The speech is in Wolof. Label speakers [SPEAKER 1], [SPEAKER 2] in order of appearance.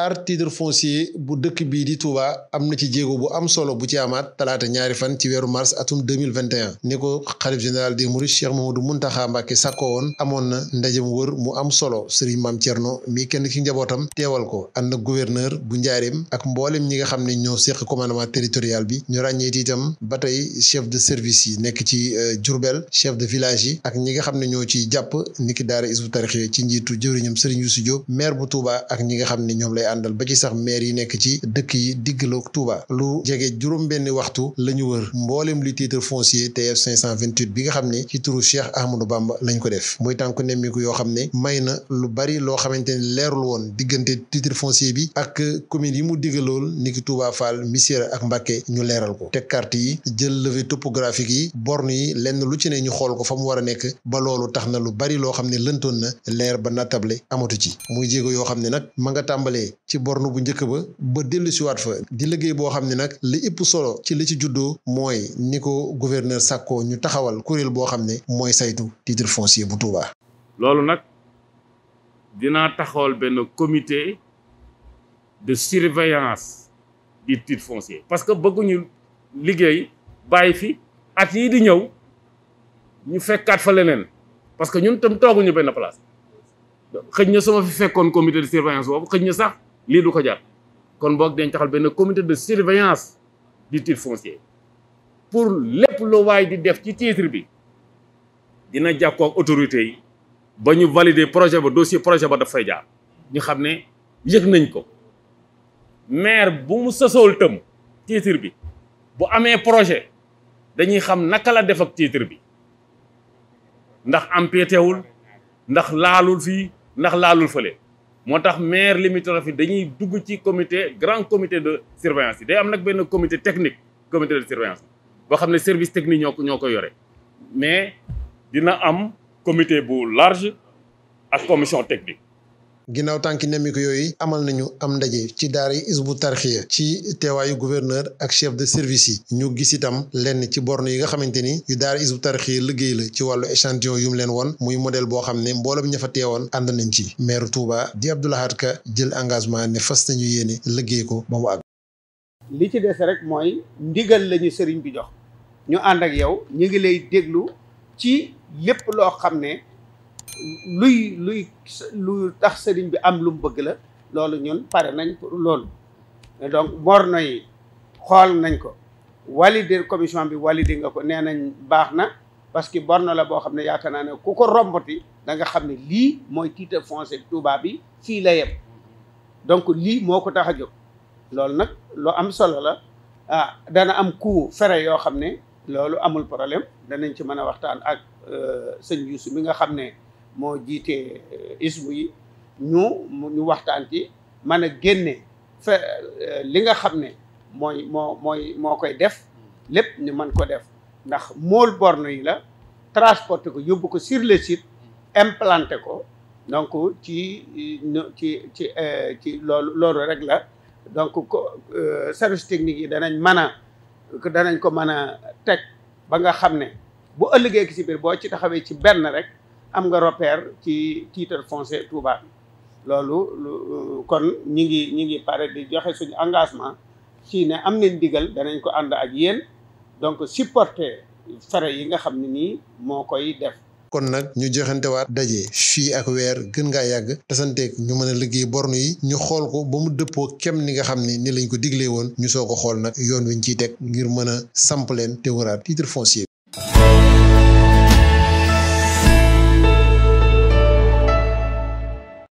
[SPEAKER 1] aar titre foncier bu dëkk bii di Touba am na ci jéego bu am solo bu ci amaat talaata ñaari fan ci weeru mars atum 2021 ni ko xalif général des mourides Cheikh Mamadou Mountakha Mbacké sàkko woon amoon na ndajem wër mu am solo Serigne Mame Thierno mii kenn ki njabootam teewal ko ànd ak gouverneur bu Njaareem ak mbooleem ñi nga xam ne ñoo séq commandement territorial bi ñu ràññeet tam ba tey chef de service yi nekk ci euh, Diourbel chef de village yi ak ñi nga xam ne ñoo ciy jàpp niki daara ci njiitu jëwriñam Serigne Youssou àndal ba ci sax maire yi nekk ci dëkk yi diggaloog Touba lu jege juróom-benni waxtu la ñu wër mboolem lu titre foncier TF 528 bi nga xam ne ci turu Cheikh Ahmadou Bamba lañ ko def muy tànku nemmiku yoo xam ne may na lu bari loo xamante ni leerul woon diggante titre foncier bi ak commune yi mu diggalool niki Touba Fall Missirah ak Mbacké ñu leeral ko te carte yi jël levée topographique yi borne yi lenn lu ci ne ñu xool ko fa mu war a nekk ba loolu tax na lu bari loo xam ne lëntoon na leer ba nattable ci borne bu njëkk ba ba dellu siwaat fa di liggéey boo xam ne nag li ëpp solo ci li ci juddoo mooy ni ko gouverneur sàkkoo ñu taxawal kuréel boo xam ne mooy saytu titre foncier bu Touba.
[SPEAKER 2] loolu nag dinaa taxawal benn comité de surveillance du titre foncier parce que bëgguñu liggéey bàyyi fi at yii di ñëw ñu fekkaat fa leneen parce que ñun tam tooguñu benn place xëj na sama fekkoon comité de surveillance boobu xëj na sax lii du ko jar kon boog dañ taxal benn comité de surveillance du titre foncier pour lépp lu waay di def ci titre bi dina jàkkoo ak autorités yi ba ñu valider projet ba dossier projet ba daf fay jaar ñu xam ne yëg nañ ko maire bu mu sosool tëm titre bi bu amee projet dañuy xam naka la def ak titre bi ndax empiété wul ndax laalul fii ndax laalul fële moo tax maire limitrophe fi dañuy dugg ci comité grand comité de surveillance yi day am nag benn comité technique comité de surveillance boo xam ne service technique ñoo ko ñoo ko yore mais dina am comité bu large ak commission technique
[SPEAKER 1] ginnaaw tànki nemmiku yooyu amal nañu am ndaje ci daara isbu tarxiya ci teewaayu gouverneur ak chef de service yi ñu gis itam lenn ci borne yi nga xamante ni yu daara isbu tarxiya liggéey la ci wàllu échantillon yu leen woon muy modèle boo xam ne mboolem ña fa teewoon ànd nañ ci maire Touba di Abdou Lahad Ka jël engagement ne fas nañu yéene liggéey ko ba mu àgg.
[SPEAKER 3] li ci des lañu sëriñ bi jox ñu ànd ak yow ñu ngi ci lépp loo xam ne. luy luy lu tax sëriñ bi am lu mu bëgg la loolu ñun pare nañ pour loolu donc morno yi xool nañ ko de commission bi valider nga ko nee nañ baax na parce que borno la boo xam ne yaakaar naa ne ku ko rombati da nga xam ne lii mooy titre foncier Touba bi fii la yem donc lii moo ko tax a jóg loolu nag lu am solo la ah dana am ku fere yoo xam ne loolu amul problème danañ ci mën a waxtaan ak euh, sëñ Youssou mi nga xam ne moo jiitee euh, isbu yi ñu ñu waxtaan ci man a génne fe euh, li nga xam ne mooy moo mooy moo koy def lépp ñu mën ko def ndax mool borne yi la transporter ko yóbbu ko sur le site implanté ko donc ci ci ci euh, ci loolu loolu rek la donc service technique yi danañ mën a danañ ko mën a teg ba nga xam ne bu ëllëgee ki si biir boo ci taxawee ci benn rek am nga repère ci titre foncier Touba bi loolu euh, kon ñi ngi ñi ngi pare di joxe suñu engagement ci ne am nañ digal danañ ko ànd ak yéen donc supporter frais yi nga xam ne nii moo koy def
[SPEAKER 1] kon nag ñu joxantewaat daje fii ak weer gën ngaa yàgg tasanteeg ñu mën a liggéey borne yi ñu xool ko ba mu dëppoo kem ni nga xam ni ni lañ ko diglee woon ñu soo ko xool nag yoon wiñ ciy teg ngir mën a samp leen te waraat titre foncier